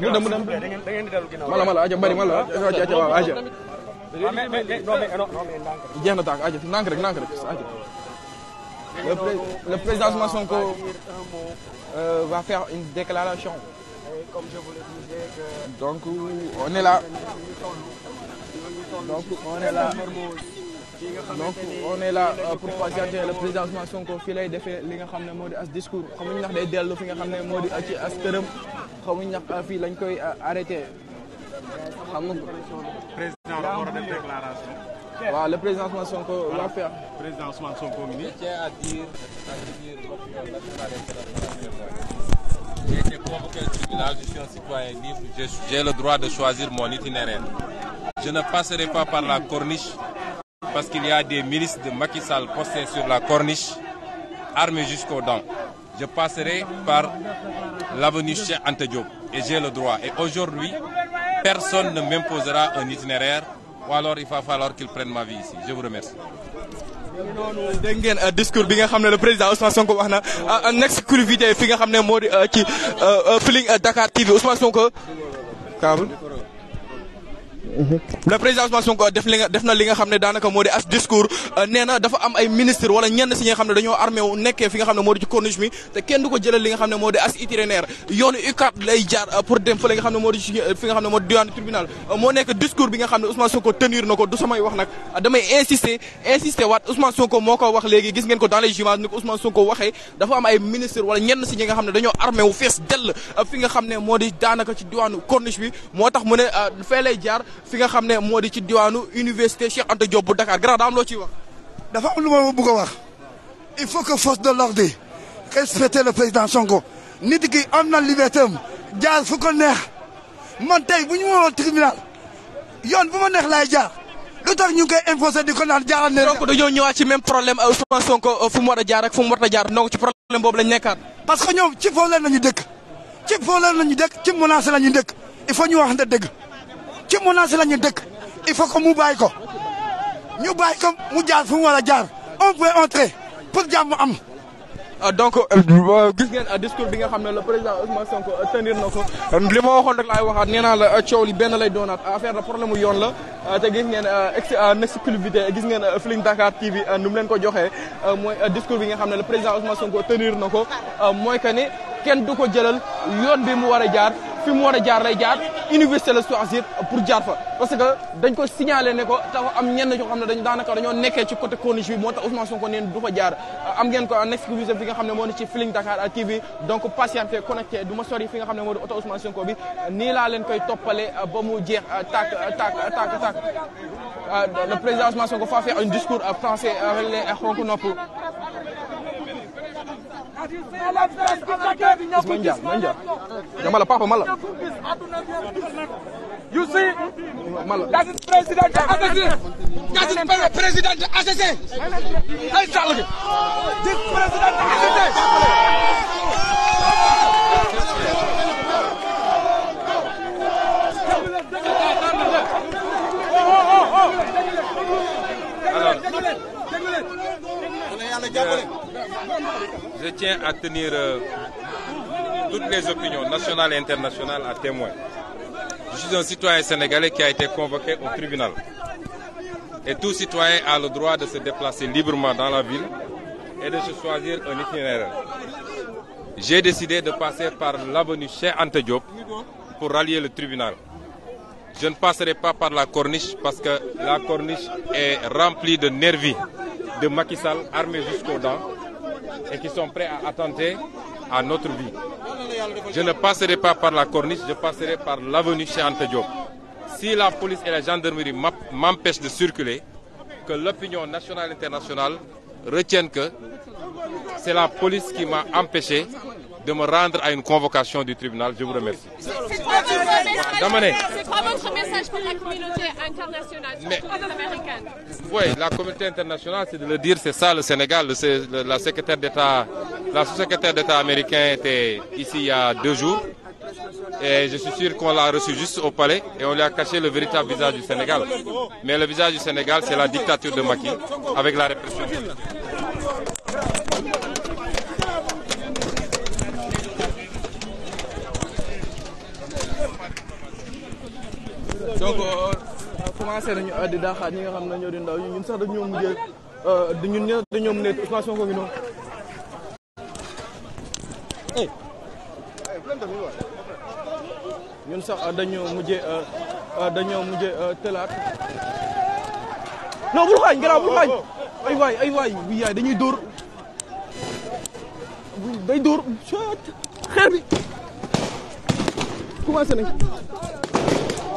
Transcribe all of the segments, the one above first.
mu dem mu dem mala mala aja mbari mala aja aja waaw aja jeex na tànk aja nànk rek nànk rek aja le président Ousmane Sonko va faire une déclaration donc on est là donc on la là donc on la là pour patienter le président Ousmane fii lay defee li nga xam ne moo di as discours xamuñu ndax day dellu fi nga xam ne moo di ci as tërëm xamuñ ndax ah, fii lañ koy ah, arrêté xam nga. président la war a def déclaration. waaw le président Ousmane Sonko va faire. président Ousmane Sonko mi nii. je de choisir mon itinéraire. Je ne passerai pas par la corniche parce qu'il y a des milices de Macky Sall sur la corniche, armés jusqu'aux dents. je passerai par l'avenue Cheikh Anta Diop et j'ai le droit. Et aujourd'hui, personne ne m'imposera un itinéraire ou alors il va falloir qu'il prenne ma vie ici. Je vous remercie. noonu dégg ngeen euh, discours bi nga xam ne le président Ousmane Sonko wax na en euh, exclusivité fi nga xam ne moo di euh, ci Feeling Dakar TV Ousmane Sonko. le président Ousmane Sonko def li nga def na li nga xam ne daanaka moo di as discours euh, nee na dafa am ay ministre wala ñenn si ñi nga xam ne dañoo armé wu nekkee fi nga xam ne moo di ci corniche mi te ne moo di as itinéraire yoonu UCAD lay euh, xam ne moo di ci euh, fi nga xam ne moo di diwaanu tribunal moo nekk discours bi nga xam ne Ousmane Sonko tenir ko moo ko wax léegi gis ngeen ko dans les images ko Ousmane Sonko am ay ministre wala ñenn si ñi xam ne dañoo armé wu fees dell fi nga xam ne moo di daanaka ci diwaanu corniche bi moo tax mu ne fee lay jaar fi nga xam ne moo di ci diwaanu université Cheikh Anta Diop bu Dakar grand daam loo ciy wax. dafa am lu ma bëgg wax il faut que force de l'ordre yi respecter le président Sonko nit ki am na liberté am jaar fu ko neex man tey bu ñu waroon yoon bu ma neex laay jaar lu tax ñu ngi koy di ko naan jaaral ne. donc dañoo ñëwaat ci même problème euh, Ousmane Sonko euh, fu mu war a jaar ak fu mu war a jaar donc ci problème boobu lañ nekkaat. parce que ñoom ci foofu la ñu dëkk ci foofu la ñu la ñu dëkk il faut ñu wax ne dëgg. ci menace la dëkk il faut que mu bàyyi ko ñu bàyyi ko mu jaar fu mu war a jaar on peut entrer pour jàmm am. Ah, donc euh, euh, gis ngeen discours bi nga xam ne le président Ousmane Sonko tenir na ko li ma waxoon rek laay waxaat nee naa la coow benn lay doonaat affaire la problème mu yoon la te gis ngeen ex en exclusivité gis ngeen Feeling Dakar TV nu mu leen ko joxee mooy discours bi nga xam ne le président Ousmane Sonko tenir na ko mooy que ni kenn du ko jëlal yoon bi mu war a jaar fi mu war a jaar a jaar. université la choisir pour jaar fa parce que dañ ko signalé ne ko dafa am ñenn xam ne dañ daanaka dañoo nekkee ci côté corniche bi moo tax Ousmane Sonko neen du fa jaar am ngeen ko en exclusif fi nga xam ne moo ne ci Feeling Dakar TV donc patienté connecté du ma sori fi nga xam ne moo di oto Ousmane Sonko bi nii laa leen koy euh, ba mu jeex tak tak tak tak le président Ousmane Sonko va faire un discours euh, français avec euh, les xonk nopp Ismaïla Manja dama la papa ma la. you see. ma la that is president ACC. that is president ACC. ay sàll bi. this president ACC. je tiens à tenir euh, toutes les opinions nationales et internationales à témoin. Je suis un citoyen sénégalais qui a été convoqué au tribunal. Et tout citoyen a le droit de se déplacer librement dans la ville et de se choisir un itinéraire. J'ai décidé de passer par l'avenue Cheikh Anta pour rallier le tribunal. Je ne passerai pas par la corniche parce que la corniche est remplie de nervis, de Macky Sall armés jusqu'aux et qui sont prêts à attenter à notre vie. Je ne passerai pas par la corniche, je passerai par l'avenue chez Ante Diop. Si la police et la gendarmerie m'empêchent de circuler, que l'opinion nationale et internationale retienne que c'est la police qui m'a empêché de me rendre à une convocation du tribunal. Je vous remercie. votre message pour la communauté internationale, surtout la communauté internationale, c'est de le dire, c'est ça le Sénégal. Le, la secrétaire d'État, la sous-secrétaire était ici il deux jours. Et je suis sûr qu'on l'a reçu juste au palais et on lui a caché le véritable visage du Sénégal. Mais le visage du Sénégal, c'est la dictature de Macky avec la répression. donc euh, commencé nañu euh, di daaxaat ñi nga xam ne ñoo di daw ñun sax dañoo mujjee euh, ñun ñëpp dañoo mën eh. a sax dañoo mujjee dañoo mujjee tëlaat. non bul xaañ garaaw bul xaañ. ay waay ay waay bi yaay dañuy door day dóor xeer bi commencé nañ.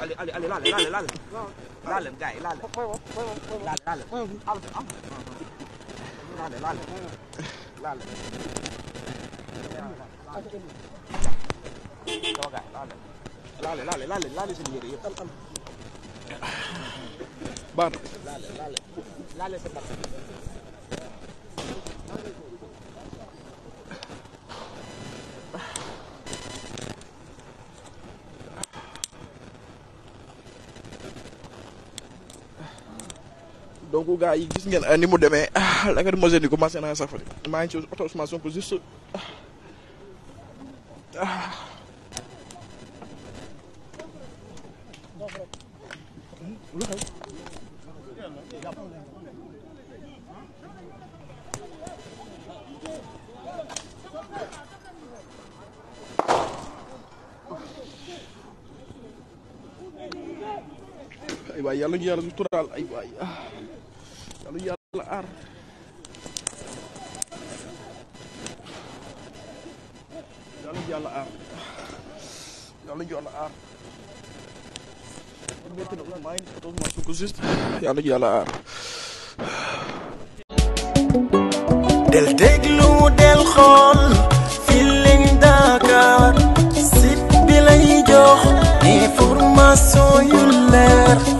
Allez, allez, allez, là, là, là, là. Là, le gars, là. Là, là, là. Là, là, là. Là, là. Toogaay laale laale laale laale laale seen yére yëpp am am baax laale laale laale seen donc gars yi gis ngeen euh, ni mu demee ah la nga mos a commencé naa safari maa ngi ci oto Ousmane Sonko waay yàlla ñu yàlla suturaal ay ah, yàlla del déglu del xool Feeling Dakar site jox information yu leer